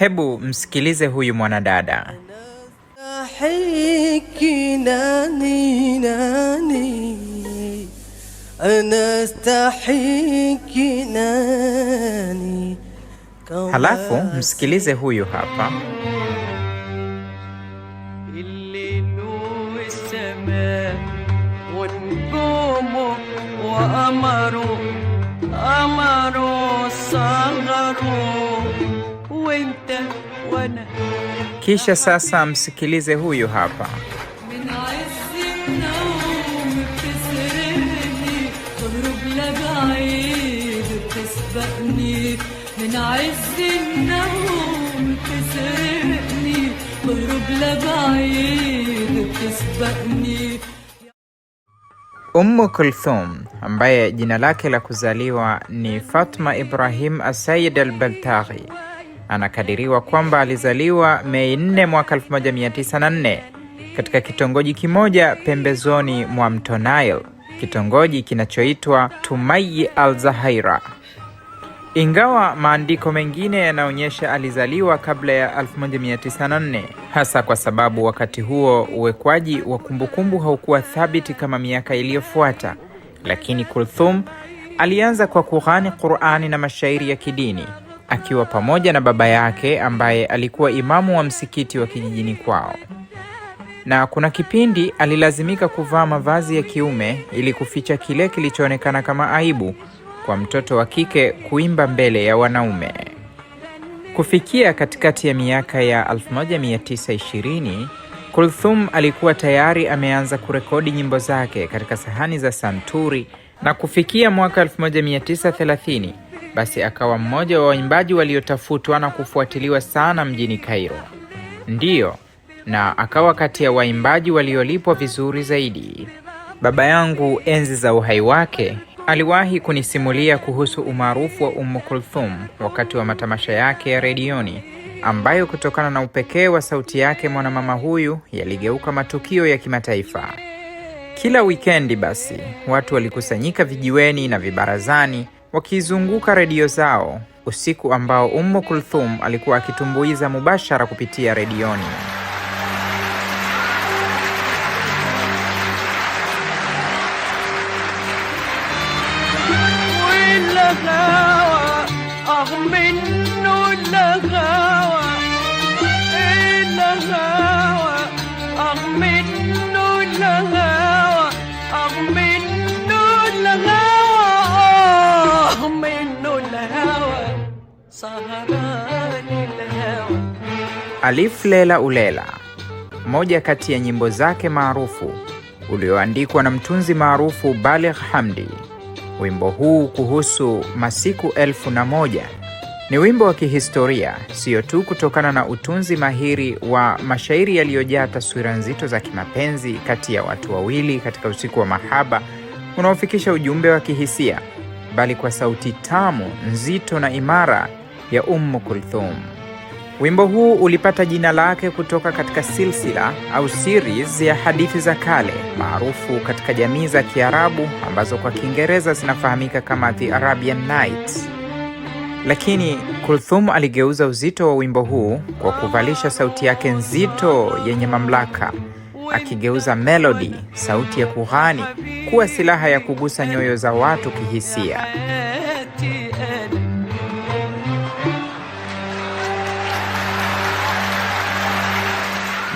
Hebu msikilize huyu mwanadada. Nani, nani, nani, halafu msikilize huyu hapa. Kisha sasa msikilize huyu hapa. Ummu Kulthum ambaye jina lake la kuzaliwa ni Fatma Ibrahim Asayid al Anakadiriwa kwamba alizaliwa Mei 4 mwaka 1904 katika kitongoji kimoja pembezoni mwa mto Nile, kitongoji kinachoitwa Tumayi al-Zahaira. Ingawa maandiko mengine yanaonyesha alizaliwa kabla ya 1904, hasa kwa sababu wakati huo uwekwaji wa kumbukumbu haukuwa thabiti kama miaka iliyofuata, lakini Kulthum alianza kwa kughani Qur'ani na mashairi ya kidini akiwa pamoja na baba yake ambaye alikuwa imamu wa msikiti wa kijijini kwao, na kuna kipindi alilazimika kuvaa mavazi ya kiume ili kuficha kile kilichoonekana kama aibu kwa mtoto wa kike kuimba mbele ya wanaume. Kufikia katikati ya miaka ya 1920 Kulthum alikuwa tayari ameanza kurekodi nyimbo zake katika sahani za santuri na kufikia mwaka 1930 basi akawa mmoja wa waimbaji waliotafutwa na kufuatiliwa sana mjini Cairo. Ndiyo, na akawa kati ya waimbaji waliolipwa vizuri zaidi. Baba yangu enzi za uhai wake aliwahi kunisimulia kuhusu umaarufu wa Umm Kulthum wakati wa matamasha yake ya redioni ambayo kutokana na upekee wa sauti yake mwanamama huyu yaligeuka matukio ya kimataifa. Kila wikendi basi watu walikusanyika vijiweni na vibarazani wakizunguka redio zao, usiku ambao Ummu Kulthum alikuwa akitumbuiza mubashara kupitia redioni. Alif Lela Ulela, moja kati ya nyimbo zake maarufu ulioandikwa na mtunzi maarufu Baligh Hamdi. Wimbo huu kuhusu masiku elfu na moja ni wimbo wa kihistoria, siyo tu kutokana na utunzi mahiri wa mashairi yaliyojaa taswira nzito za kimapenzi kati ya watu wawili katika usiku wa mahaba unaofikisha ujumbe wa kihisia, bali kwa sauti tamu, nzito na imara ya Ummu Kulthum. Wimbo huu ulipata jina lake kutoka katika silsila au series ya hadithi za kale maarufu katika jamii za Kiarabu ambazo kwa Kiingereza zinafahamika kama The Arabian Nights. Lakini Kulthum aligeuza uzito wa wimbo huu kwa kuvalisha sauti yake nzito yenye mamlaka, akigeuza melodi, sauti ya kuhani, kuwa silaha ya kugusa nyoyo za watu kihisia.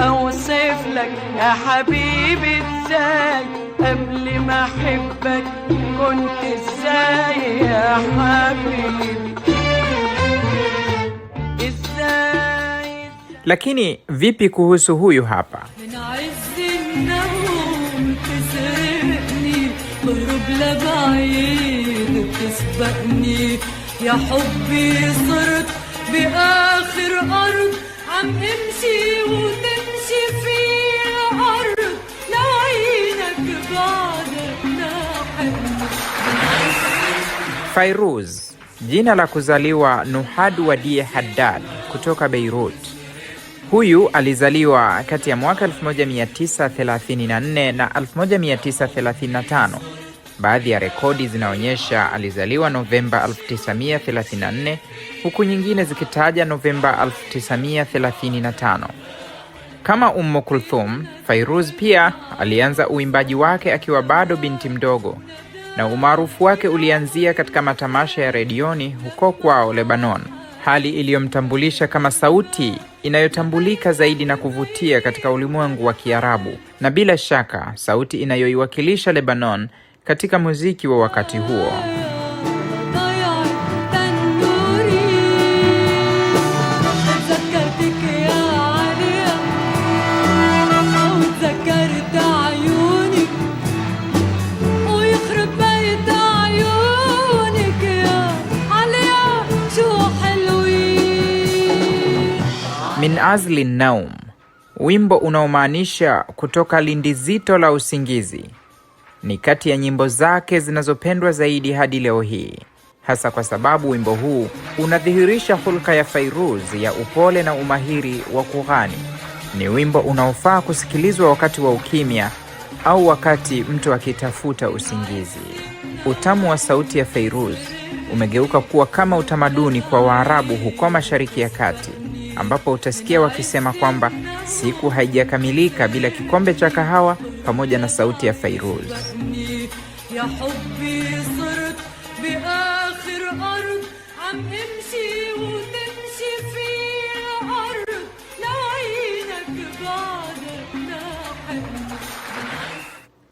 اوصف لك يا حبيبي ازاي قبل ما احبك كنت ازاي يا حبيبي ازاي لكني فيبي كوسو هو يهابا من عز النوم تسرقني تهرب لبعيد تسبقني يا حبي صرت باخر ارض عم امشي وتمشي في الارض بعدك Fairuz jina la kuzaliwa Nuhad Wadie Haddad kutoka Beirut. Huyu alizaliwa kati ya mwaka 1934 na 1935 Baadhi ya rekodi zinaonyesha alizaliwa Novemba 1934 huku nyingine zikitaja Novemba 1935. Kama ummo Kulthum, Fairuz pia alianza uimbaji wake akiwa bado binti mdogo na umaarufu wake ulianzia katika matamasha ya redioni huko kwao Lebanon, hali iliyomtambulisha kama sauti inayotambulika zaidi na kuvutia katika ulimwengu wa Kiarabu, na bila shaka sauti inayoiwakilisha Lebanon katika muziki wa wakati huo. Min azli naum, wimbo unaomaanisha kutoka lindi zito la usingizi ni kati ya nyimbo zake zinazopendwa zaidi hadi leo hii, hasa kwa sababu wimbo huu unadhihirisha hulka ya Fairuz ya upole na umahiri wa kughani. Ni wimbo unaofaa kusikilizwa wakati wa ukimya au wakati mtu akitafuta usingizi. Utamu wa sauti ya Fairuz umegeuka kuwa kama utamaduni kwa Waarabu huko Mashariki ya Kati, ambapo utasikia wakisema kwamba siku haijakamilika bila kikombe cha kahawa pamoja na sauti ya Fairuz. حبي صرت بآخر أرض عم امشي وتمشي فيها أرض لو عينك بعدك ناحب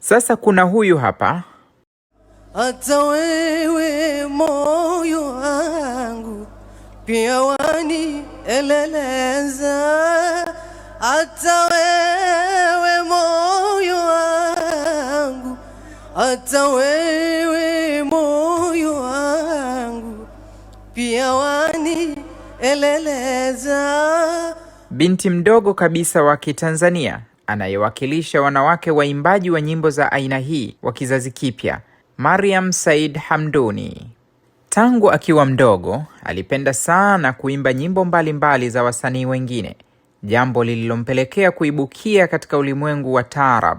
sasa kuna huyu moyo wangu pia wani eleleza hata hata wewe moyo wangu pia wanieleleza. Binti mdogo kabisa wa Kitanzania anayewakilisha wanawake waimbaji wa nyimbo za aina hii wa kizazi kipya, Mariam Said Hamduni. Tangu akiwa mdogo alipenda sana kuimba nyimbo mbalimbali mbali za wasanii wengine, jambo lililompelekea kuibukia katika ulimwengu wa taarab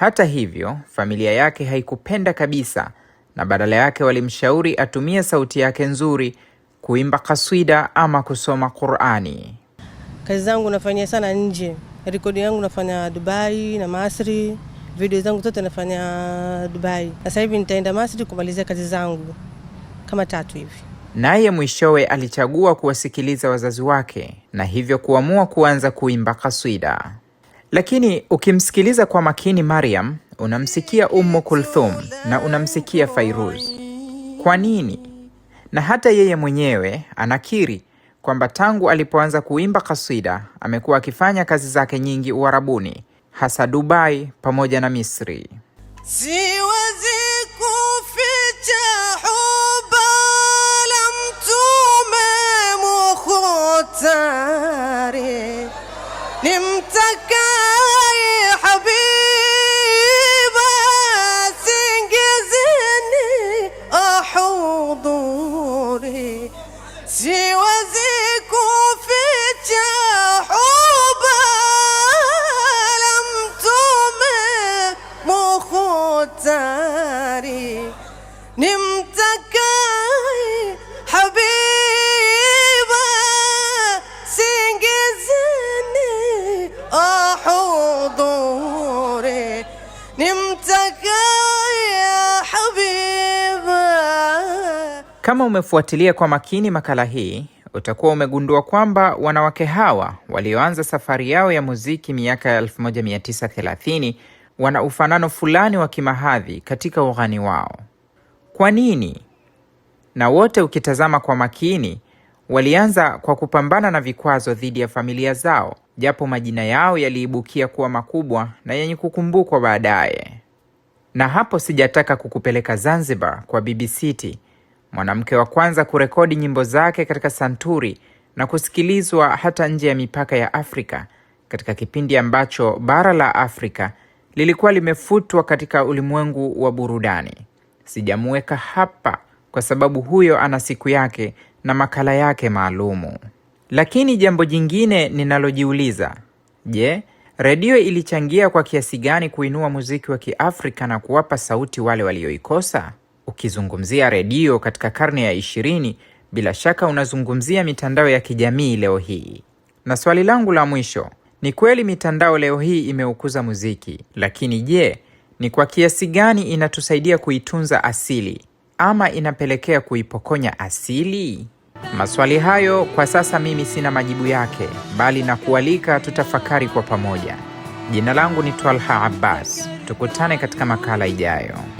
hata hivyo, familia yake haikupenda kabisa na badala yake walimshauri atumie sauti yake nzuri kuimba kaswida ama kusoma Qur'ani. Kazi zangu nafanya sana nje. Rekodi yangu nafanya Dubai na Masri, video zangu zote nafanya Dubai. Sasa hivi nitaenda Masri kumalizia kazi zangu kama tatu hivi. Naye mwishowe alichagua kuwasikiliza wazazi wake na hivyo kuamua kuanza kuimba kaswida. Lakini ukimsikiliza kwa makini Mariam, unamsikia Ummu Kulthum na unamsikia Fairuz. Kwa nini? Na hata yeye mwenyewe anakiri kwamba tangu alipoanza kuimba kasida amekuwa akifanya kazi zake nyingi Uarabuni, hasa Dubai pamoja na Misri. Siwezi kuficha huba la Mtume Mukhtari nimtaka motari nimtakaye habiba singizeni ahudhuri nimtakaye habiba. Kama umefuatilia kwa makini makala hii utakuwa umegundua kwamba wanawake hawa walioanza safari yao ya muziki miaka ya 1930 wana ufanano fulani wa kimahadhi katika ughani wao. Kwa nini? Na wote ukitazama kwa makini, walianza kwa kupambana na vikwazo dhidi ya familia zao, japo majina yao yaliibukia kuwa makubwa na yenye kukumbukwa baadaye. Na hapo sijataka kukupeleka Zanzibar kwa Bibi Siti, mwanamke wa kwanza kurekodi nyimbo zake katika santuri na kusikilizwa hata nje ya mipaka ya Afrika katika kipindi ambacho bara la Afrika lilikuwa limefutwa katika ulimwengu wa burudani. Sijamuweka hapa kwa sababu huyo ana siku yake na makala yake maalumu. Lakini jambo jingine ninalojiuliza, je, redio ilichangia kwa kiasi gani kuinua muziki wa Kiafrika na kuwapa sauti wale walioikosa? Ukizungumzia redio katika karne ya ishirini, bila shaka unazungumzia mitandao ya kijamii leo hii. Na swali langu la mwisho, ni kweli mitandao leo hii imeukuza muziki, lakini je, ni kwa kiasi gani inatusaidia kuitunza asili ama inapelekea kuipokonya asili? Maswali hayo kwa sasa mimi sina majibu yake, bali na kualika tutafakari kwa pamoja. Jina langu ni Twalha Abbas. Tukutane katika makala ijayo.